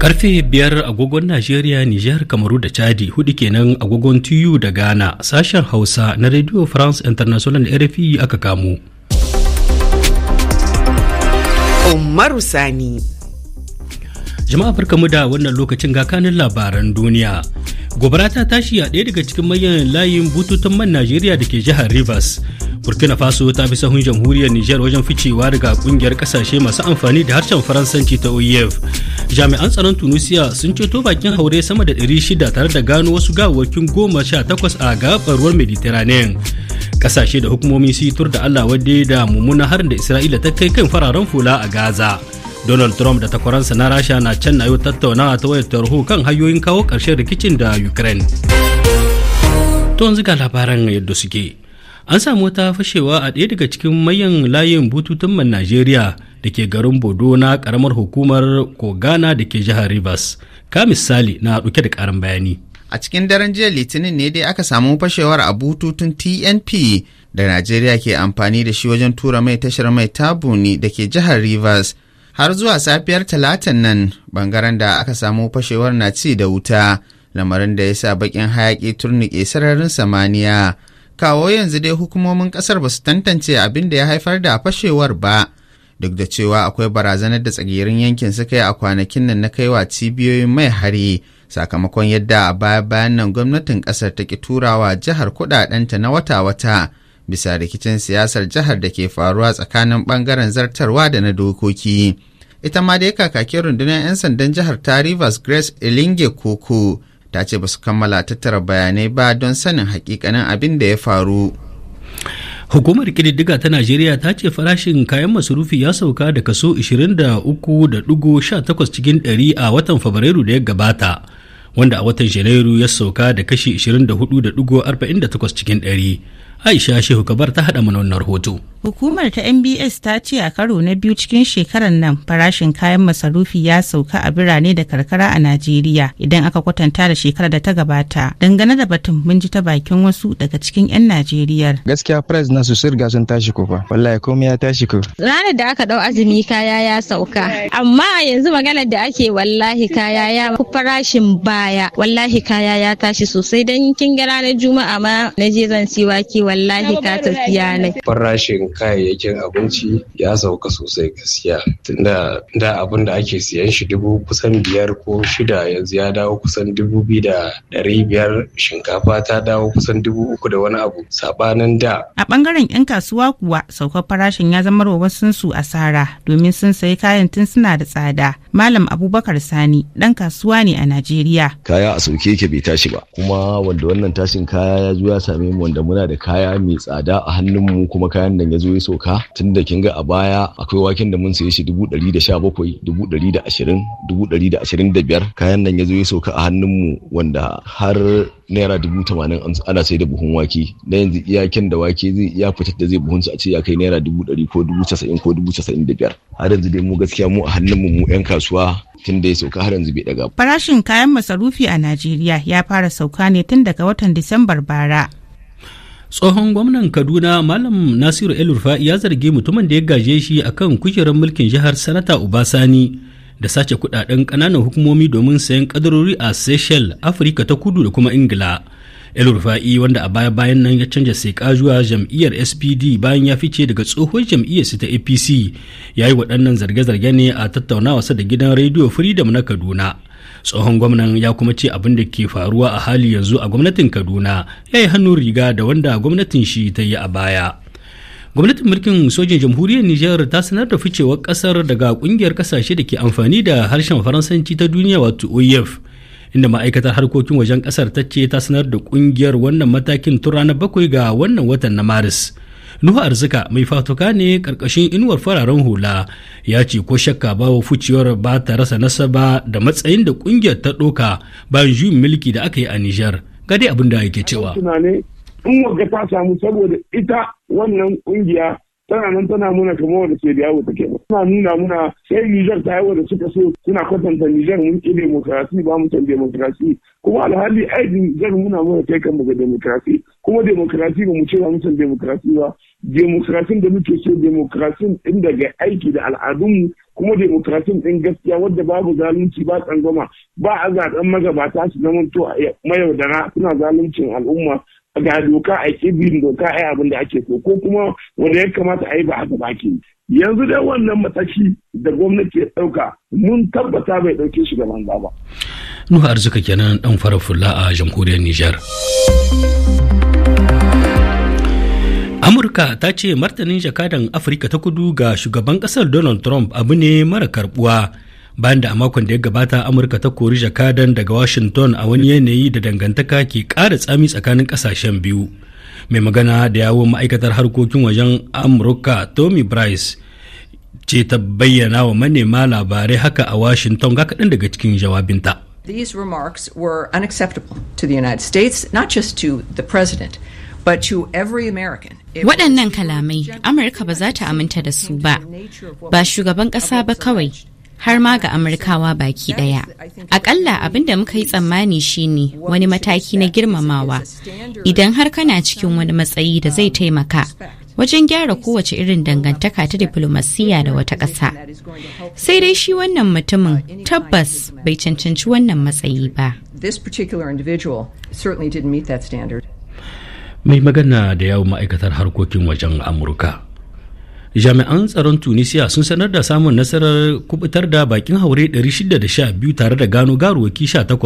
Karfe biyar agogon Najeriya, Nijar, Kamaru da Chadi hudu kenan agogon Tuyu da Ghana sashen Hausa na Radio France International RFI aka kamo. Umaru Sani. Jama'a barkamu da wannan lokacin ga kanin labaran duniya. Gobara ta tashi a ɗaya daga cikin manyan layin bututun man Najeriya da ke jihar Rivers. burkina faso ta fi sahun jamhuriyar niger wajen ficewa daga kungiyar kasashe masu amfani da harshen faransanci ta oef jami'an tsaron tunisia sun ceto bakin haure sama da 600 tare da gano wasu gawakin goma sha takwas a gabar ruwan mediterranean kasashe da hukumomi situr tur da allah wadde da mummunan harin da isra'ila ta kai kan fararen fula a gaza donald trump da takwaransa na rasha na can na yau tattaunawa ta wayar tarho kan hanyoyin kawo karshen rikicin da ukraine to yanzu ga labaran yadda suke an samu wata fashewa a ɗaya daga cikin mayan layin bututun man najeriya da ke garin bodo na karamar hukumar kogana da ke jihar rivers ka misali na ɗauke da ƙarin bayani a cikin daren jiya litinin ne dai aka samu fashewar a bututun tnp da najeriya ke amfani da shi wajen tura mai tashar mai tabuni da ke jihar rivers har zuwa safiyar talatan nan bangaren da aka samu fashewar na ci da wuta lamarin da ya sa bakin hayaki turnike sararin samaniya kawo yanzu dai hukumomin kasar ba su tantance abin da ya haifar da fashewar ba duk da cewa akwai barazanar da tsagirin yankin suka yi a kwanakin nan na kaiwa cibiyoyin mai hari sakamakon yadda a baya bayan nan gwamnatin kasar ta ki turawa jihar kudadenta na wata-wata bisa rikicin siyasar jihar da ke faruwa tsakanin bangaren zartarwa da na dokoki ita ma dai kakakin rundunar 'yan sandan jihar ta rivers grace elinge koko ta ce ba su kammala tattara bayanai ba don sanin hakikanin abin da ya faru hukumar kididdiga ta najeriya ta ce farashin kayan masurufi ya sauka da kaso 23.18 cikin 100 a watan fabrairu da ya gabata wanda a watan janairu ya sauka da kashi 24.48 cikin 100 Aisha Shehu Kabar ta haɗa mana wannan rahoto. Hukumar ta MBS ta ce a karo na biyu cikin shekarar nan farashin kayan masarufi ya sauka a birane da karkara a Najeriya idan aka kwatanta da shekarar da ta gabata. Dangane da batun mun ji ta bakin wasu daga cikin 'yan Najeriya. Gaskiya price na su sirga sun tashi ko fa. Wallahi komai ya tashi ko. Ranar da aka dau azumi kaya ya sauka. Amma yanzu maganar da ake wallahi kaya ya farashin baya. Wallahi kaya ya tashi sosai dan kin ga ranar Juma'a ma na je zan siwa kiwa wallahi ka tafiya ne. Farashin kayayyakin abinci ya sauka sosai gaskiya. Tunda da abin da ake siyan shi dubu kusan biyar ko shida yanzu ya dawo kusan dubu biyu da ɗari biyar shinkafa ta dawo kusan dubu uku da wani abu sabanin da. A ɓangaren 'yan kasuwa kuwa saukar farashin ya zama wa su asara domin sun sayi kayan tun suna da tsada. Malam Abubakar Sani ɗan kasuwa ne a Najeriya. Kaya a sauke yake bai tashi ba kuma wanda wannan tashin kaya ya zo ya same mu wanda muna da kaya kaya mai tsada a hannun mu kuma kayan nan ya zo ya soka tun da kin ga a baya akwai waken da mun saye shi dubu ɗari da sha bakwai dubu ɗari da ashirin dubu ɗari da ashirin da biyar kayan nan ya zo ya soka a hannun mu wanda har naira dubu tamanin ana sai da buhun wake na yanzu iyakin da wake zai iya fitar da zai buhunsu a ce ya kai naira dubu ɗari ko dubu casa'in ko dubu casa'in da biyar har yanzu dai mu gaskiya mu a hannunmu mu 'yan kasuwa tun da ya sauka har yanzu bai daga. Farashin kayan masarufi a Najeriya ya fara sauka ne tun daga watan Disambar bara tsohon gwamnan kaduna malam nasiru elurfa ya zargi mutumin da ya gaje shi a kan kujerar mulkin jihar sanata obasani da sace kudaden kananan hukumomi domin sayan kadarori a seychelles afirka ta kudu da kuma ingila elurfa'i wanda a baya bayan nan ya canja seka zuwa jam'iyyar spd bayan ya fice daga tsohon jam'iyyar ta apc ya yi waɗannan zarge-zarge ne a tattaunawa da gidan rediyo freedom na kaduna tsohon gwamnan ya kuma ce abin da ke faruwa a hali yanzu a gwamnatin kaduna ya yi hannun riga da wanda gwamnatin shi ta yi a baya gwamnatin mulkin sojin jamhuriyar niger ta sanar da ficewar kasar daga kungiyar kasashe da ke amfani da harshen faransanci ta duniya wato oef inda ma'aikatar harkokin wajen kasar ta ce ta sanar da kungiyar wannan matakin tun ranar bakwai ga wannan watan na maris nuhu arzika mai fatuka ne karkashin inuwar fararen hula ya ce ko shakka wa fuciyar ba ta rasa nasaba da matsayin da kungiyar ta doka bayan juyin mulki da aka yi a nijar Gade abin da yake cewa in wagga ta samu saboda ita wannan kungiya tana nan tana muna kama wanda ke da yawo take tana nuna muna sai Nijar ta yawo da suka so suna kwatanta Nijar mun ƙi demokrasi ba mu can demokrasi kuma alhali aiki Nijar muna muna kai kan ga demokrasi kuma demokrasi ba mu ce ba mutum demokrasi ba demokrasin da muke so demokrasin din daga aiki da al'adunmu kuma demokrasin din gaskiya wadda babu zalunci ba tsangwama ba a zaɓen magabata su zama to mayaudara suna zaluncin al'umma ga doka a kibin doka a abin da ake so ko kuma wanda ya kamata a yi ba haka baki yanzu dai wannan mataki da gwamnati ya ɗauka mun tabbata bai ɗauke shi gaban ba. Nuhu Arzika kenan ɗan fara fulla a jamhuriyar Nijar. amurka ta ce martanin jakadan afirka ta kudu ga shugaban kasar donald trump abu ne mara karbuwa bayan da a makon da ya gabata amurka ta kori jakadan daga washington a wani yanayi da dangantaka ke kara tsami tsakanin kasashen biyu mai magana da yawon ma'aikatar harkokin wajen amurka tommy bryce ce ta bayyana wa manema labarai haka a washington ga kaɗan daga cikin jawabinta These remarks were unacceptable to the United States, not just to the president. Waɗannan kalamai Amurka ba za ta aminta da su ba, ba shugaban ƙasa ba kawai, har ma ga Amurkawa baki ɗaya. Aƙalla abin da muka yi tsammani shine wani mataki na girmamawa, idan har kana cikin wani matsayi da zai um, taimaka. wajen gyara kowace irin dangantaka ta diplomasiya da wata ƙasa. Sai dai shi wannan mutumin tabbas bai cancanci wannan matsayi ba. mai magana da yawon ma'aikatar harkokin wajen amurka jami'an tsaron tunisia sun sanar da samun nasarar kubutar da bakin haure 612 tare da gano garuwaki 18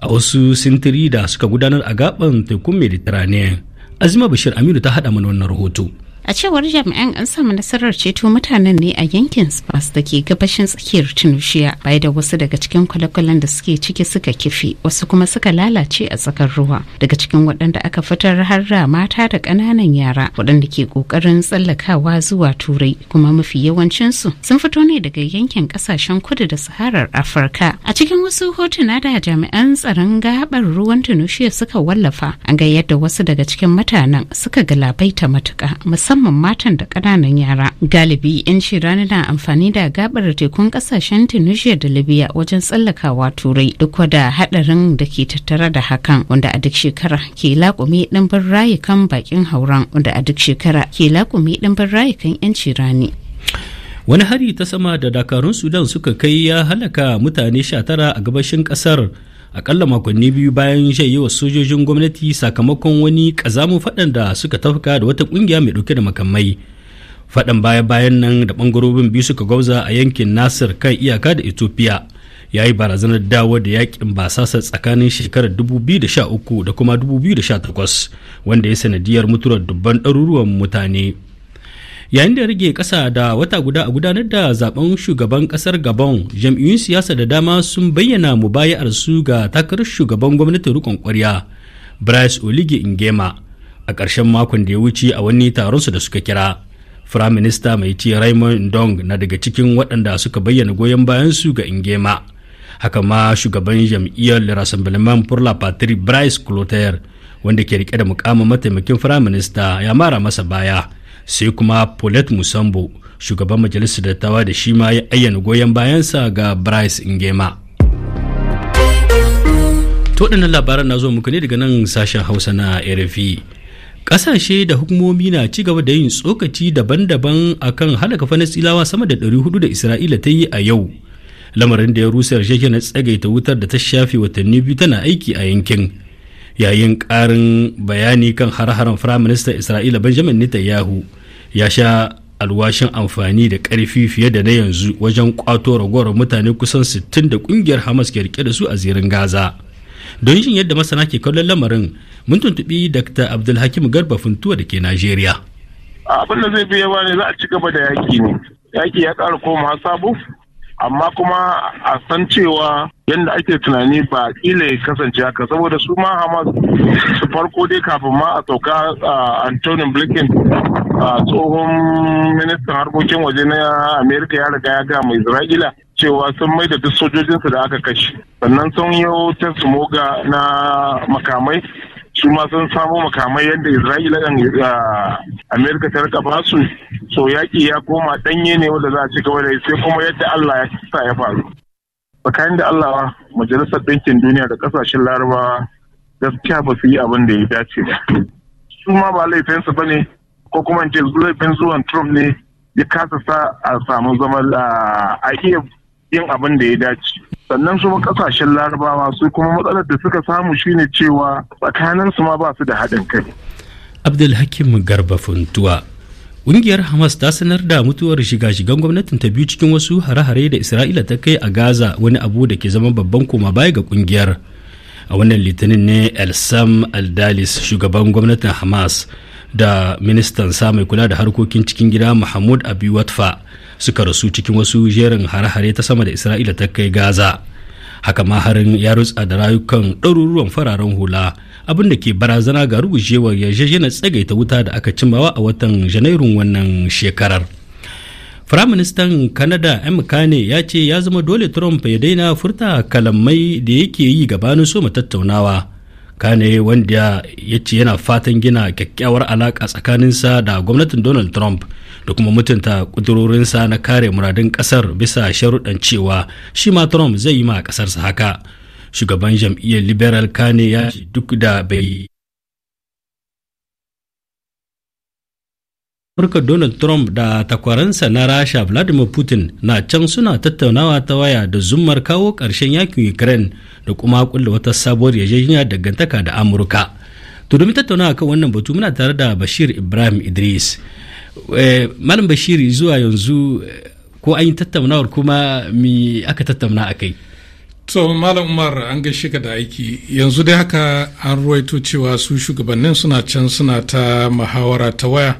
a wasu sintiri da suka gudanar a gaban tekun mediterranean azima bashir aminu ta haɗa mana wannan rahoto a cewar jami'an an samu nasarar ceto mutanen ne a yankin spas da ke gabashin tsakiyar tunushiya bai da wasu daga cikin kwale-kwalen da suke ciki suka kife wasu kuma suka lalace a tsakar ruwa daga cikin waɗanda aka fitar har da mata da ƙananan yara waɗanda ke ƙoƙarin tsallakawa zuwa turai kuma mafi yawancinsu sun fito ne daga yankin ƙasashen kudu da saharar afirka a cikin wasu hotuna da jami'an tsaron gaɓar ruwan tunushiya suka wallafa an ga yadda wasu daga cikin mutanen suka galabaita matuƙa musamman musamman matan da ƙananan yara. Galibi 'yan shirani na amfani da gabar tekun ƙasashen Tunisia da Libya wajen tsallakawa Turai duk da haɗarin da ke tattara da hakan wanda a duk shekara ke laƙumi ɗimbin rayukan bakin hauran wanda a duk shekara ke laƙumi ɗimbin rayukan 'yan rani. Wani hari ta sama da dakarun Sudan suka kai ya halaka mutane 19 a gabashin ƙasar akalla makonni biyu bayan wa sojojin gwamnati sakamakon wani kazamun faɗan da suka tafka da wata ƙungiya mai ɗauke da makamai faɗan baya-bayan nan da ɓangarorin biyu suka gauza a yankin nasir kan iyaka da ethiopia ya yi barazanar dawo da yakin basasa tsakanin shekarar 2013 da kuma 2018 wanda ya sanadiyar mutuwar dubban ɗaruruwan mutane yayin da rage kasa da wata guda a gudanar da zaben shugaban kasar gabon jam'iyyun siyasa da dama sun bayyana mubaya'ar su ga takarar shugaban gwamnatin rikon kwarya bryce olige ingema a ƙarshen makon da ya wuce a wani taron su da suka kira firayim minista mai ci raymond dong na daga cikin waɗanda suka bayyana goyon bayan su ga ingema haka ma shugaban jam'iyyar rassemblement pour la patrie bryce clotaire wanda ke rike da mukamin mataimakin firayim minista ya mara masa baya sai kuma paulette musambo shugaban majalisar dattawa da shi ma ya ayyana goyon bayansa ga bryce ingema to labaran na zo muku ne daga nan sashen hausa na rfi kasashe da hukumomi na ci gaba da yin tsokaci daban-daban akan halaka tsilawa sama da 400 da isra'ila ta yi a yau lamarin da ya rusa na tsagaita wutar da ta shafe watanni biyu tana aiki a yankin yayin karin bayani kan har-haren firaministan isra'ila benjamin netanyahu ya sha alwashin amfani da ƙarfi fiye da na yanzu wajen kwato ragowar mutane kusan 60 da ƙungiyar hamas ke rike da su a zirin gaza don yin yadda masana ke kallon lamarin mun tuntuɓi dr abdulhakim garba funtuwa da ke najeriya abin da zai fi yawa ne za a ci gaba da yaki ne yaki ya ƙara koma sabo amma kuma a san cewa yadda ake tunani ba kila ya kasance haka saboda su ma hamas su farko dai kafin ma a sauka antonin blinken tsohon ministan harkokin waje na amerika ya riga ya ga mai isra'ila cewa sun mai da duk sojojinsu da aka kashe sannan sun yi ta moga na makamai su ma sun samo makamai yadda isra'ila kan amerika ta rika basu so yaƙi ya koma ɗanye ne wanda za a ci gaba da sai kuma yadda allah ya sa ya faru tsakanin da Allah majalisar ɗinkin duniya da ƙasashen larabawa gaskiya ba su yi abin da ya dace ba su ma ba laifinsu ba ne ko kuma in ce laifin zuwan Trump ne ya kasa sa a samu zama a iya yin abin da ya dace sannan su ƙasashen larabawa su kuma matsalar da suka samu shine cewa tsakaninsu ma ba su da haɗin kai Abdul abdulhakim garba funtuwa Ƙungiyar Hamas ta sanar da mutuwar shiga-shigan gwamnatin ta biyu cikin wasu hare-hare da Isra'ila ta kai a Gaza wani abu da ke zama babban koma baya ga ƙungiyar. A wannan litinin ne Elsam Aldalis shugaban gwamnatin Hamas da ministan sa mai kula da harkokin cikin gida Mahmud Abi Watfa suka rasu cikin wasu jerin hare-hare ta sama da Isra'ila ta kai Gaza. haka ma harin ya rutsa da rayukan ɗaruruwan fararen hula abin da ke barazana ga rugujewar yarjejeniyar tsagaita wuta da aka cimawa a watan janairun wannan shekarar firaministan kanada m kane ya ce ya zama dole trump ya daina furta kalamai da yake yi gabanin soma tattaunawa kane wanda ya ce yana fatan gina kyakkyawar alaka tsakaninsa da gwamnatin donald trump da kuma mutunta kudurorinsa na kare muradun kasar bisa sharuɗan cewa shi ma trump zai yi ma kasarsa haka shugaban jam'iyyar liberal kane ya duk da bai Amurka Donald Trump da takwaransa na Rasha Vladimir Putin na can suna tattaunawa ta waya da zummar kawo ƙarshen yakin Ukraine da kuma kulle wata sabuwar yarjejeniya dangantaka da Amurka. To domin tattaunawa kan wannan batu muna tare da Bashir Ibrahim Idris, Eh, malam bashiri zuwa yanzu eh, ko an yi tattaunawar kuma mi aka tattauna a kai to malam umar an gaishe ka da aiki yanzu dai haka an ruwaito cewa su shugabannin suna can suna ta muhawara ta waya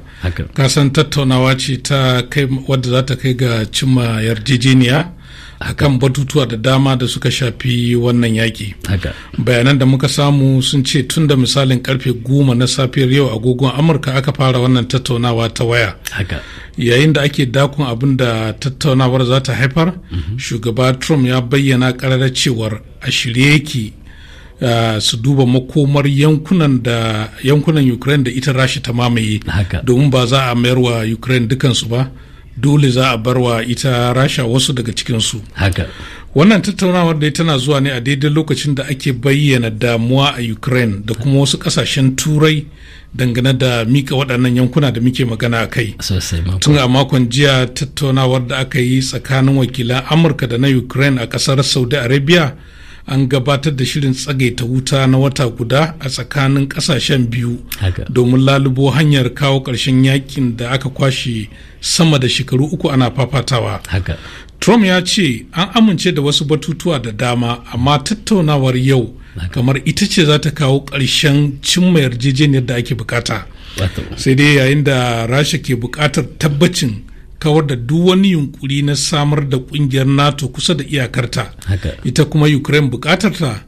kasan tattaunawa ce ta kai wadda za ta kai ga cimma yarjejeniya akan batutuwa da dama da suka shafi wannan yaki. bayanan da muka samu sun ce tun da misalin karfe goma na safiyar yau agogon amurka aka fara wannan tattaunawa ta waya yayin da ake dakon abin da tattaunawar za ta haifar mhm. shugaba trump ya bayyana karara cewar a shirye yake Uh, su duba makomar yankunan da ukraine da ita rashi ta mamaye domin ba za a mayar wa ukraine dukansu ba dole za a barwa ita rasha wasu daga cikinsu haka wannan tattaunawar dai tana zuwa ne a daidai lokacin da ake bayyana damuwa a ukraine da kuma wasu kasashen turai dangane da mika waɗannan yankuna da muke magana a kai tun a makon jiya tattaunawar da aka yi tsakanin wakilan amurka da na ukraine a ƙasar saudi arabia an gabatar da shirin tsagaita wuta na wata guda a tsakanin kasashen biyu domin lalubo hanyar kawo ƙarshen yakin da aka kwashe sama da shekaru uku ana fafatawa trump ya ce an amince da wasu batutuwa da dama amma tattaunawar yau kamar ita ce za ta kawo ƙarshen cimma yarjejeniyar da ake bukata sai dai yayin da rasha ke bukatar tabbacin kawar da duk wani yunkuri na samar da kungiyar nato kusa da iyakarta ita kuma ukraine bukatarta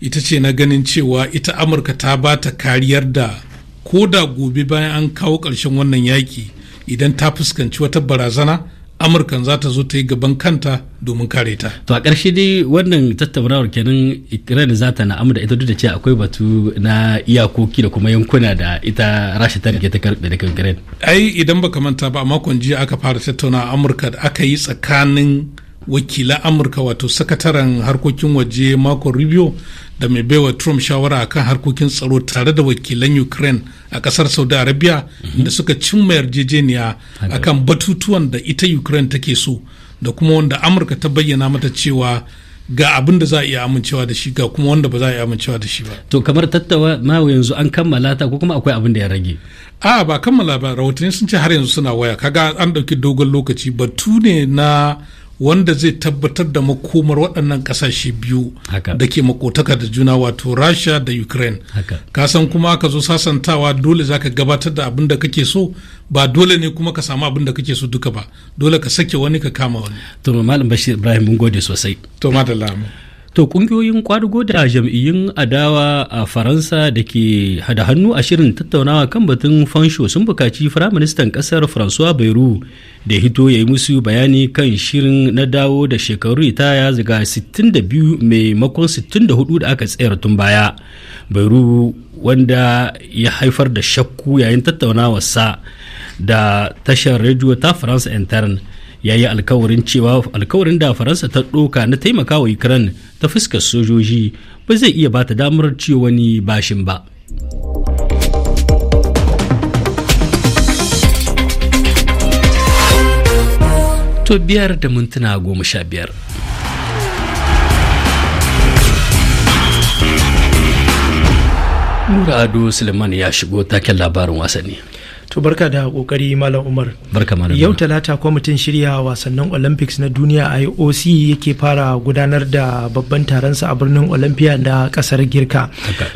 ita ce na ganin cewa ita amurka ta ba ta kariyar da ko da gobe bayan an kawo ƙarshen wannan yaƙi idan ta fuskanci wata barazana amurka za ta zo ta yi gaban kanta domin kare ta to a ƙarshe dai wannan tattaunawar kenan ukraine za ta na'amu da ita duk da cewa akwai batu na iyakoki da kuma yankuna da ita rasha ta rike ta karbe daga ukraine ai idan baka manta ba a makon jiya aka fara tattauna amurka da aka yi tsakanin wakila amurka wato sakataren harkokin waje marco rubio da mai baiwa trump shawara akan harkokin tsaro tare da wakilan ukraine a kasar saudi arabia mhm. da suka mayar jejeniya akan batutuwan da ita ukraine take so da kuma wanda amurka ta bayyana mata cewa ga abin da za a iya amincewa da shi ga kuma wanda ba za a iya amincewa da shi ba. To kamar tattawa na yanzu an kammala ta ko kuma akwai abin da ya rage? A ba kammala ba rahotanni sun ce har yanzu suna waya kaga an ɗauki dogon lokaci batu ne na wanda zai tabbatar da makomar waɗannan ƙasashe biyu da ke makotaka da juna wato rasha da ukraine ka san kuma ka zo sasantawa dole za ka gabatar da abin da kake so ba dole ne kuma ka samu abin da kake so duka ba dole ka sake wani ka kama wani to malam bashir ibrahim mun gode sosai to madalla To kungiyoyin kwadugo da jam'iyyun adawa a Faransa da ke hada hannu a shirin tattaunawa kan batun fansho sun bukaci firaministan ƙasar François Bayrou da hito ya yi musu bayani kan shirin na dawo da shekaru ya ziga 62 maimakon 64 da aka tsayar tun baya. Bayrou wanda ya haifar da shakku yayin tattaunawarsa da tashar rediyo ta France Interne. ya yi alkawarin cewa alkawarin da faransa ta ɗoka na taimakawa ukraine ta fuskar sojoji ba zai iya bata damar ciwo wani bashin ba to biyar da mintuna goma sha biyar Nura Ado Suleiman ya shigo taken labarin wasanni. to barka da kokari malam umar barka malam yau talata kwamitin shirya wasannin olympics na duniya ioc yake fara gudanar da babban taronsa a birnin olympia da kasar girka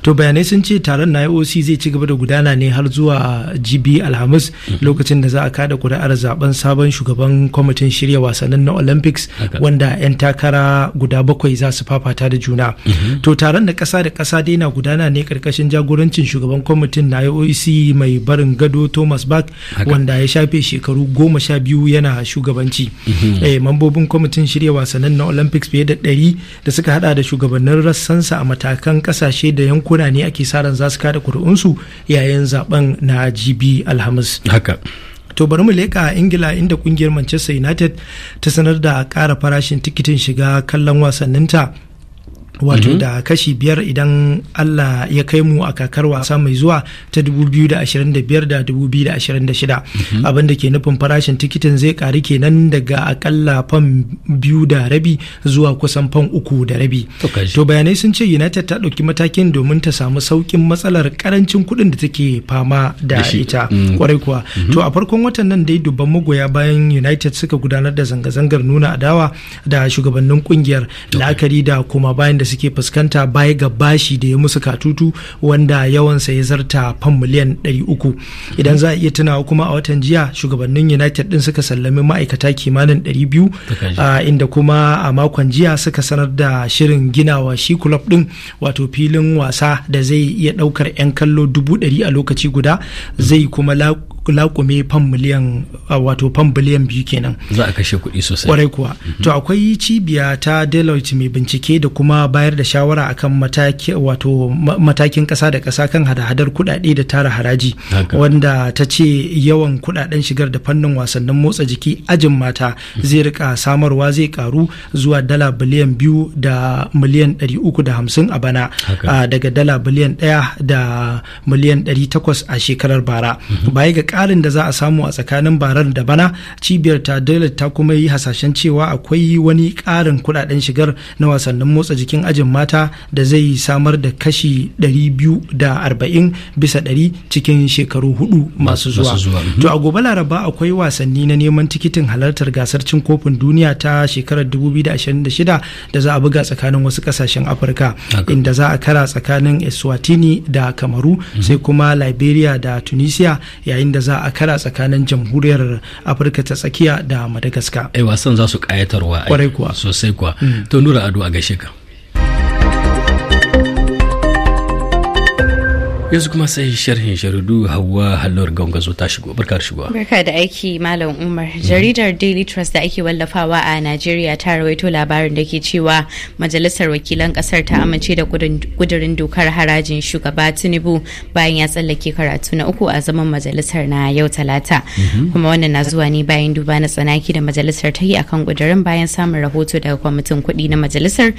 to bayanai sun ce taron na ioc zai ci gaba da gudana ne har zuwa gb alhamis mhm. lokacin da za a kada kuri'ar zaben sabon shugaban kwamitin shirya wasannin na olympics wanda 'yan takara guda bakwai za su fafata da juna mhm. to taron da kasa da kasa dai na gudana ne karkashin jagorancin shugaban kwamitin na ioc mai barin gado thomas thomas bach wanda ya shafe shekaru goma sha biyu yana shugabanci mhm. eh, mambobin kwamitin shirya wasannin na olympics fiye da ɗari da suka hada da shugabannin rassansa a matakan kasashe da yankuna ne ake sa ran za su kada kuri'unsu yayin zaben na gb alhamis to bari mu leka a ingila inda kungiyar manchester united ta sanar da kara farashin tikitin shiga kallon wasanninta wato mhm. da kashi biyar idan Allah ya kai mu a kakar wasa mai zuwa ta 2025 da 2026 mhm. abinda ke nufin farashin tikitin zai kari kenan daga akalla fan biyu da rabi zuwa kusan fan uku da rabi to bayanai sun ce united ta ɗauki matakin domin ta samu saukin matsalar karancin kuɗin da take fama da ita mm. kwarai kuwa mhm. to a farkon watan nan dai dubban magoya bayan united suka gudanar da zanga-zangar nuna adawa da shugabannin kungiyar la'akari da kuma bayan da suke fuskanta baya ga bashi da ya musu katutu wanda yawansa ya zarta fan miliyan 300 idan za a iya tunawa kuma a watan jiya shugabannin united din suka sallami ma'aikata kimanin 200 inda kuma a makon jiya suka sanar da shirin ginawa shi club din wato filin wasa da zai iya daukar 'yan kallo dubu 100 a lokaci guda zai kuma laƙume fan miliyan wato fan biliyan biyu kenan za a kashe kuɗi sosai kwarai kuwa mhm. to akwai cibiya ta deloitte mai bincike da kuma bayar da shawara akan mataki wato matakin ƙasa da ƙasa kan hada-hadar kuɗaɗe da tara haraji wanda ta ce yawan kuɗaɗen shigar da fannin wasannin motsa jiki ajin mata mhm. zai rika samarwa zai karu zuwa dala biliyan biyu da miliyan ɗari uku da hamsin a bana daga dala biliyan ɗaya da miliyan ɗari takwas a shekarar bara mhm. baya ga karin da za a samu a tsakanin barar da bana cibiyar ta dalar ta kuma yi hasashen cewa akwai wani ƙarin kudaden shigar na wasannin motsa jikin ajin mata da zai samar da kashi 240 bisa 100 cikin shekaru hudu masu zuwa. Mhm. To a gobe laraba akwai wasanni na neman tikitin halartar gasar cin kofin duniya ta shekarar 2026 da za a buga tsakanin wasu kasashen Afirka inda za a kara tsakanin Eswatini da Kamaru mhm. sai kuma Liberia da Tunisia yayin da za a kara tsakanin jamhuriyar afirka ta tsakiya da madagascar ai wasan za su kayatarwa kwarai kuwa sosai kuwa mm. to nura ado a gaishe ka yanzu kuma sai sharhin sharudu hawa hallor zo ta shigo barkar shigo barka da aiki malam umar jaridar daily trust da ake wallafawa a najeriya ta rawaito labarin da ke cewa majalisar wakilan kasar ta amince da kudurin dokar harajin shugaba tinubu bayan ya tsallake karatu na uku a zaman majalisar na yau talata mhm. kuma wannan na zuwa ne bayan duba na tsanaki da majalisar ta yi akan kudurin bayan samun rahoto daga kwamitin kuɗi na majalisar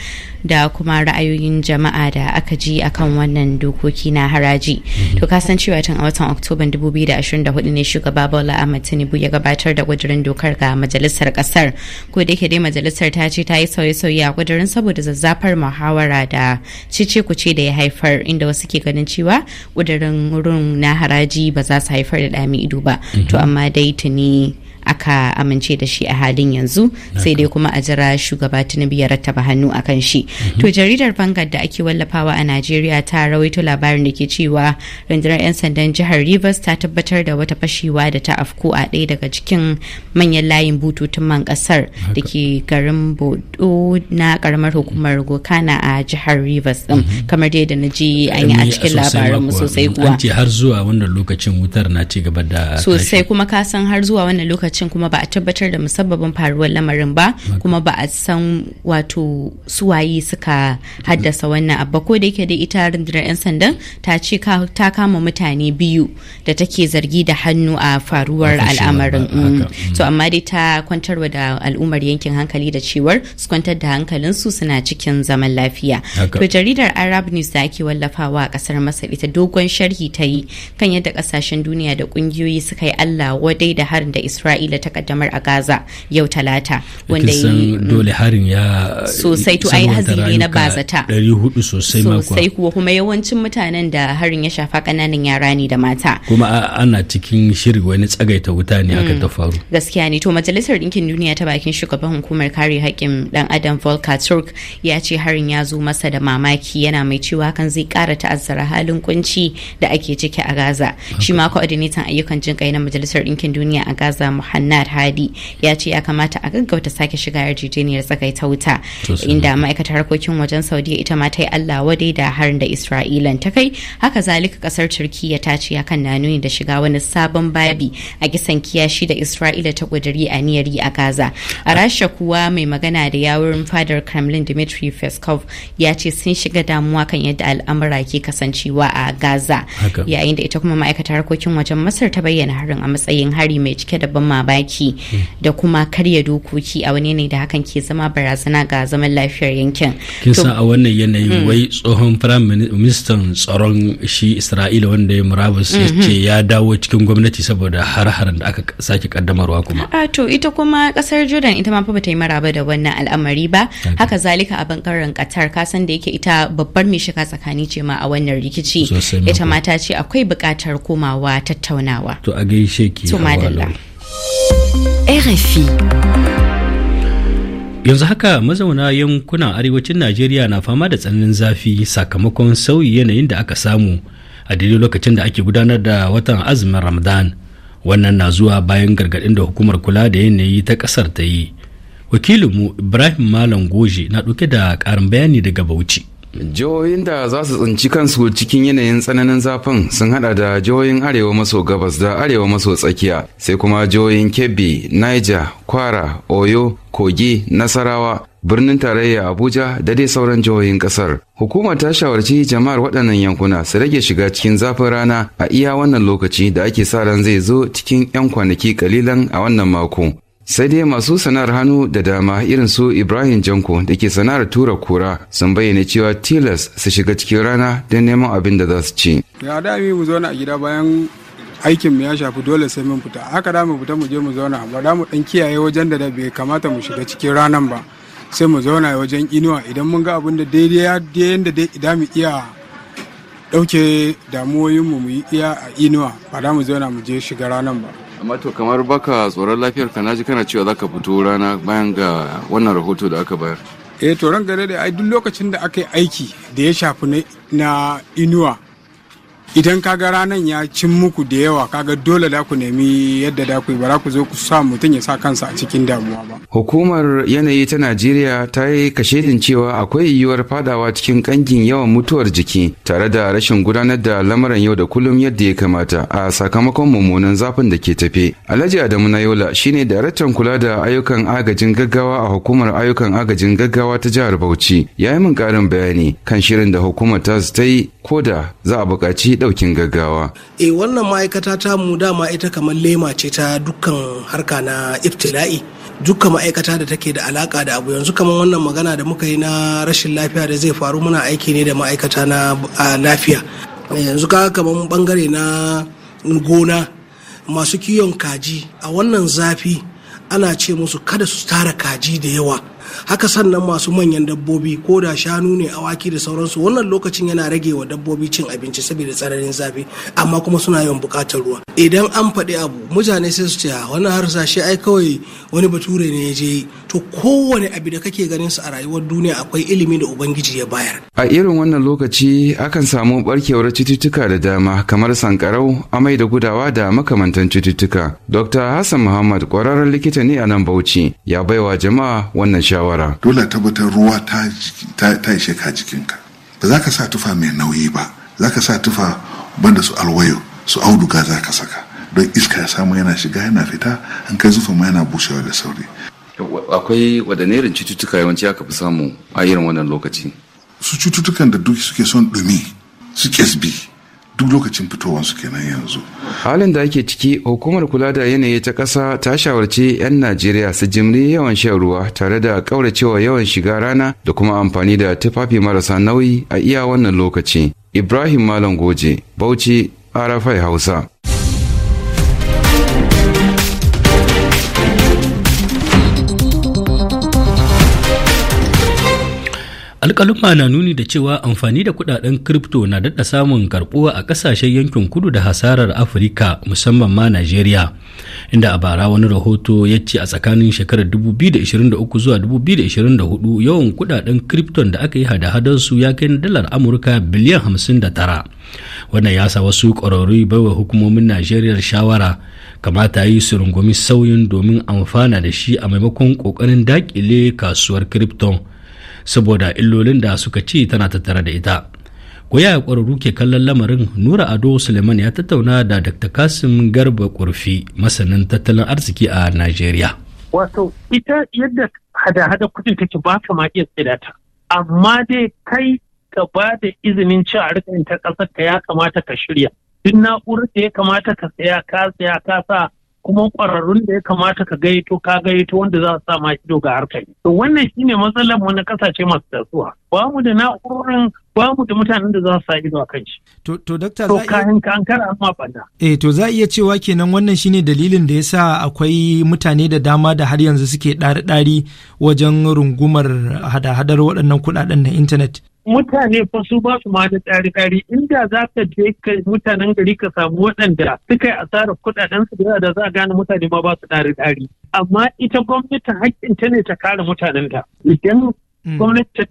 da kuma ra'ayoyin jama'a da aka ji akan wannan dokoki na haraji Alhaji. To ka san cewa tun a watan Oktoban 2024 ne shugaba Bola Ahmed Tinubu ya gabatar da kudirin dokar ga majalisar kasar. Ko da yake dai majalisar ta ce ta yi sauye-sauye a kudirin saboda zazzafar muhawara da cice kuce da ya haifar inda wasu ke ganin cewa kudirin na haraji ba za su haifar da dami ido ba. To mhm. amma dai tuni aka amince da shi a halin yanzu sai dai kuma a jira shugaba tinubu ya rattaba hannu a kan shi mhm. to jaridar bangar da ake wallafawa a najeriya ta rawaito labarin da ke cewa rundunar 'yan sandan jihar rivers ta tabbatar da wata fashewa da ta afku a ɗaya daga cikin manyan layin bututun man ƙasar da ke garin bodo na karamar hukumar gokana a jihar rivers din mhm. kamar dai da na ji an yi a cikin labarinmu sosai kuwa har zuwa wannan lokacin wutar na ci gaba da sosai kuma ka san har zuwa wannan lokacin lokacin kuma ba a tabbatar da musabbabin faruwar lamarin ba kuma ba a san wato suwaye suka haddasa wannan abba ko da yake da ita rundunar 'yan sandan ta ce ta kama mutane biyu da take zargi da hannu a faruwar al'amarin mm. so amma dai ta kwantarwa da al'ummar yankin hankali da cewar su kwantar da hankalin su suna cikin zaman lafiya to jaridar arab news da ake wallafawa a kasar masar ita dogon sharhi ta yi kan yadda kasashen duniya da kungiyoyi suka yi allah wadai da harin da isra'ila isra'ila ta kaddamar a gaza yau talata wanda yi mm, dole harin ya sosai to ai haziri na bazata sosai sosai kuwa kuma yawancin mutanen da harin ya shafa kananan yara ne da mata kuma ana cikin shiri wani tsagaita wuta ne aka mm, ta faru gaskiya ne to majalisar ɗinkin duniya ta bakin shugaban hukumar kare haƙƙin dan adam volker turk ya ce harin ya zo masa da mamaki yana mai cewa kan zai ƙara ta'azzara halin kunci da ake ciki a gaza shi ma coordinator ayyukan jin kai na majalisar ɗinkin duniya a gaza hannad hadi ya ce ya kamata a gaggauta sake shiga yarjejeniyar ta wuta inda ma'aikatar harkokin wajen saudiya ita ma ta yi allah wadai da harin da isra'ilan ta kai haka zalika kasar turkiyya ta ce hakan na nuni da shiga wani sabon babi a kisan kiyashi da isra'ila ta kuduri a niyari a gaza a rasha kuwa mai magana da yawurin fadar kremlin dmitry peskov ya ce sun shiga damuwa kan yadda al'amura ke kasancewa a gaza yayin da ita kuma ma'aikatar harkokin wajen masar ta bayyana harin a matsayin hari mai cike da ban baki da kuma karya dokoki a wani yanayi da hakan ke zama barazana ga zaman lafiyar yankin kin san a wannan yanayin mm. wai tsohon firayim ministan tsaron shi isra'ila wanda ya murabus ya mm-hmm. ce ya dawo cikin gwamnati saboda har-haren da aka sake kaddamarwa kuma a ah, to ita kuma kasar jordan ita ma fa bata yi maraba da wannan al'amari ba haka zalika a bangaren qatar san da yake ita babbar mai shiga tsakani ce ma a wannan rikici ita ma ta ce akwai bukatar komawa tattaunawa to a gaishe ki RFI yanzu haka mazauna yankunan arewacin najeriya na fama da tsananin zafi sakamakon sauyi yanayin da aka samu a daidai lokacin da ake gudanar da watan azumin ramadan wannan na zuwa bayan gargaɗin da hukumar kula da yanayi ta ƙasar ta yi wakilinmu ibrahim malam goje na ɗauke da ƙarin bayani daga bauchi jihohin da za su tsinci kansu cikin yanayin tsananin zafin sun hada da jihohin arewa maso gabas da arewa maso tsakiya sai kuma jihohin kebbi niger kwara oyo kogi nasarawa birnin tarayya abuja da dai sauran jihohin kasar hukumar ta shawarci jama'ar waɗannan yankuna su rage shiga cikin zafin rana a iya wannan lokaci da ake sa ran zai zo cikin 'yan kwanaki kalilan a wannan mako sai dai masu sana'ar hannu da dama irin su ibrahim janko da ke sana'ar tura kura sun bayyana cewa tilas su shiga cikin rana don neman abin da za su ci ya da mu zauna a gida bayan aikin mu ya shafi dole sai mun fita haka da mu fita mu je mu zauna ba da mu dan kiyaye wajen da bai kamata mu shiga cikin ranan ba sai mu zauna wajen inuwa idan mun ga abin da daidai dai idan mu iya dauke damuwoyin mu yi iya a inuwa ba da mu zauna mu je shiga ranan ba amma to kamar baka tsoron lafiyar ka ji kana cewa zaka fito rana bayan ga wannan rahoto da aka bayar eh to ran gare da ai duk lokacin da aka yi aiki da ya shafi na inuwa idan kaga ranar ya cin muku da yawa kaga dole da ku nemi yadda da ku yi ba ku zo ku sa mutum ya sa kansa a cikin damuwa ba. Hukumar yanayi ta Najeriya ta yi kashedin cewa akwai yiwuwar fadawa cikin kangin yawan mutuwar jiki tare da rashin gudanar da lamuran yau da kullum yadda ya kamata a sakamakon mummunan zafin da ke tafe. Alhaji Adamu Nayola shine daraktan kula da ayyukan agajin gaggawa a hukumar ayyukan agajin gaggawa ta jihar Bauchi. Ya yi min karin bayani kan shirin da hukumar ta yi ko da za a buƙaci daukin gaggawa eh wannan ma'aikata ta mu dama ita kamar lema ce ta dukkan harka na ibtila'i dukkan ma'aikata da take da alaka da abu yanzu kamar wannan magana da muka yi na rashin lafiya da zai faru muna aiki ne da ma'aikata na lafiya yanzu ka kamar bangare na gona masu kiwon kaji a wannan zafi ana ce musu kada su tara kaji da yawa haka sannan masu manyan dabbobi ko da shanu ne a awaki da sauransu wannan lokacin yana rage wa dabbobi cin abinci saboda tsananin zafi amma kuma suna yawan buƙatar ruwa idan an faɗi abu mutane sai su ce wani shi ai kawai wani bature ne ya je to kowane abu da kake ganin su a rayuwar duniya akwai ilimi da ubangiji ya bayar a irin wannan lokaci akan samu barkewar cututtuka da dama kamar sankarau amai da gudawa da makamantan cututtuka dr hassan muhammad kwararren likita ne a nan bauchi ya baiwa jama'a wannan shawara shawara dole tabbatar ruwa ta ishe ka jikinka ba za ka sa tufa mai nauyi ba za ka sa tufa banda su alwayo su auduga za ka saka don iska ya samu yana shiga yana fita an kai zufa ma yana bushewa da sauri akwai wadanne irin cututtuka yawanci aka fi samu a irin wannan lokaci su cututtukan da duk suke son dumi su kesbi duk lokacin fitowarsu kenan yanzu. halin da ake ciki hukumar kula da yanayi ta ƙasa ta shawarci 'yan najeriya su jimri yawan shan ruwa tare da ƙauracewa yawan shiga rana da kuma amfani da tufafi marasa nauyi a iya wannan lokaci ibrahim malam goje bauchi arafai hausa alƙaluma na nuni da cewa amfani da kudaden kripto na daɗa samun karbuwa a ƙasashen yankin kudu da hasarar afirka musamman ma najeriya inda a bara wani rahoto ya ce a tsakanin shekarar 2023 zuwa 2024 yawan kudaden kripton da aka yi hada-hadar su ya kai dalar amurka biliyan 59 wannan ya sa wasu bai baiwa hukumomin najeriya shawara kamata yi su rungumi sauyin domin amfana da shi a maimakon ƙoƙarin daƙile kasuwar kripton saboda illolin da suka ce tana tattare da ita koya ƙwararru ke kallon lamarin nura ado suleiman ya tattauna da dr kasim garba kurfi masanin tattalin arziki a najeriya wato ita yadda hada-hada kudin take ba ka ma iya amma dai kai ka ba da izinin ci a rikin ta ƙasar ka ya kamata ka shirya duk na'urar da ya kamata ka saya ka saya ka sa kuma ƙwararrun da ya kamata ka gayyato ka gayyato wanda za su sa ma ido ga harkar to wannan shine matsalar mu na kasashe masu tasowa ba mu da na'urorin ba mu da mutanen da za su sa ido a kan shi to to doctor za kayan ka an kar amma banda eh to za iya cewa kenan wannan shine dalilin da yasa akwai mutane da dama da har yanzu suke ɗari-ɗari wajen rungumar hada-hadar waɗannan kuɗaɗen na intanet mutane fa su ba su ma da tsari tsari inda za ka je mutanen gari ka samu waɗanda suka yi asarar kuɗaɗen su da za a gane mutane ma ba su tsari tsari amma ita gwamnati hakkin ta ne ta kare mutanen ta idan mm. gwamnati ta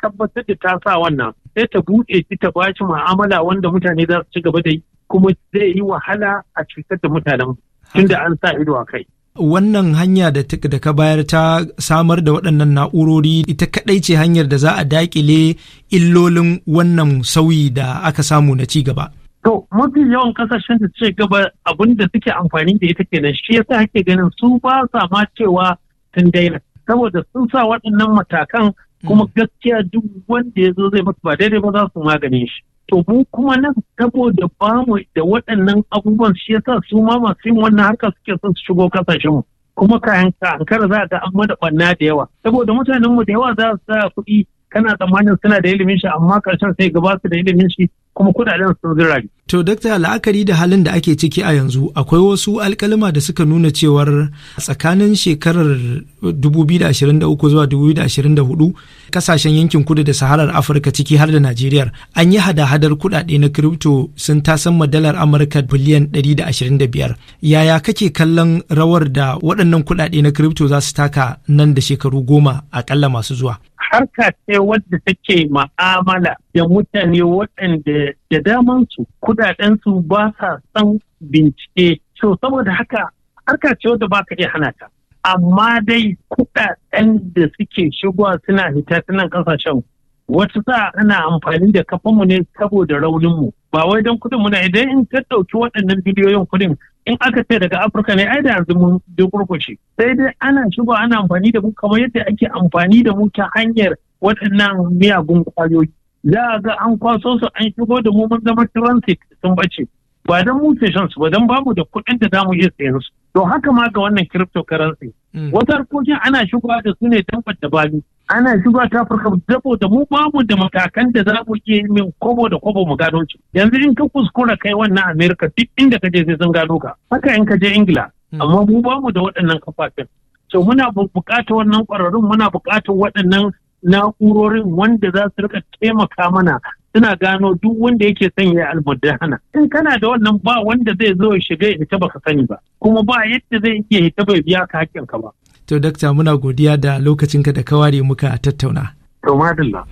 tabbatar da ta sa wannan sai ta buɗe shi ta bashi mu'amala wanda mutane za su ci gaba da yi kuma zai yi wahala a cutar da mutanen tunda an sa ido a kai wannan hanya da ka bayar ta samar da waɗannan na'urori ita kaɗai ce hanyar da za a daƙile illolin wannan sauyi da aka samu na ci gaba. To mafi yawan kasashen da ci gaba abin da suke amfani da ita kenan shi yasa ake ganin su ba sa ma cewa sun daina saboda sun sa waɗannan matakan kuma mm. gaskiya duk wanda ya zo zai masu ba daidai ba za su magane shi. to mu kuma nan saboda ba mu da waɗannan abubuwan shi yasa su ma masu yin wannan harka suke son su shigo kasashen mu kuma kayan kankara za ga an mada ɓanna da yawa saboda mutanen mu da yawa za su sa kuɗi kana tsammanin suna da ilimin shi amma karshen sai gaba su da ilimin shi kuma kuɗaɗen sun zirage To, dakta la'akari da halin da ake ciki a yanzu, akwai wasu alkalima da suka nuna cewar tsakanin shekarar 2023 zuwa 2024 kasashen yankin kudu da saharar Afirka ciki har da Najeriya an yi hada-hadar kudade na kripto sun tasamma madalar Amurka biliyan 125. Yaya kake kallon rawar da waɗannan kudade na kripto za su taka nan da shekaru goma akalla masu zuwa? Harka ce wadda take ma'amala da mutane waɗanda da damansu kudadensu ba sa san bincike so saboda haka harka ce wadda ba ka iya hana ta amma dai kudaden da suke shigowa suna hita suna kasashen wata sa ana amfani da kafanmu ne saboda rauninmu ba wai don kudin muna idan in ta ɗauki waɗannan bidiyoyin kudin in aka ce daga afirka ne ai da yanzu mun dukurkushe sai dai ana shigo ana amfani da mu kamar yadda ake amfani da mu ta hanyar waɗannan miyagun kwayoyi za a ga an kwaso su an shigo da mu mun zama transit sun bace ba dan mu shan su ba dan mu da kuɗin da zamu iya sayan su to haka ma ga wannan cryptocurrency hmm. wasu harkokin ana shigowa da su ne tabbat da bani ana shigowa ta dabo saboda mu bamu da matakan da za mu iya min kobo da kobo mu gano shi yanzu in ka kuskura kai wannan america duk inda ka je sai sun gano ka haka in ka je ingila hmm. amma mu bamu da waɗannan kafafen so muna buƙatar wannan ƙwararrun muna buƙatar waɗannan na'urorin wanda za su rika taimaka mana suna gano duk wanda yake son ya almudahana in kana da wannan ba wanda zai zo ya shiga ita ba baka sani ba kuma ba yadda zai iya ita bai biya ka hakinka ba to dakta muna godiya da lokacinka da ware muka tattauna to madalla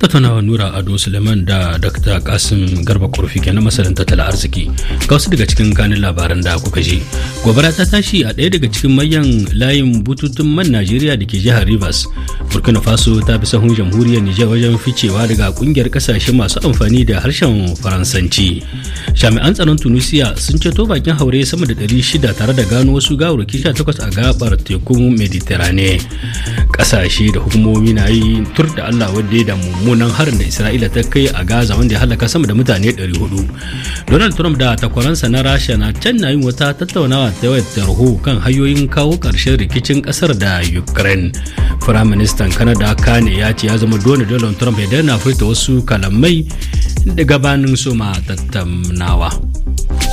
tattaunawa nura ado suleiman da dr kasim garba kurfi ke na masanin tattalin arziki ga wasu daga cikin kanin labaran da kuka ji gobara ta tashi a ɗaya daga cikin manyan layin bututun man najeriya da ke jihar rivers burkina faso ta fi sahun jamhuriyar nijar wajen ficewa daga kungiyar kasashe masu amfani da harshen faransanci jami'an tsaron tunisia sun ceto bakin haure sama da ɗari shida tare da gano wasu gawarwaki takwas a gabar tekun mediterane kasashe da hukumomi na yi tur da allah wadda ya damu mummunan harin da isra'ila ta kai a gaza wanda ya halaka sama da mutane 400 donald trump da takwaransa na rasha na can na yin wata tattaunawa ta wayar tarho kan hanyoyin kawo ƙarshen rikicin ƙasar da ukraine firaministan kanada kane ya ce ya zama dole donald trump ya daina furta wasu kalamai da gabanin ma tattaunawa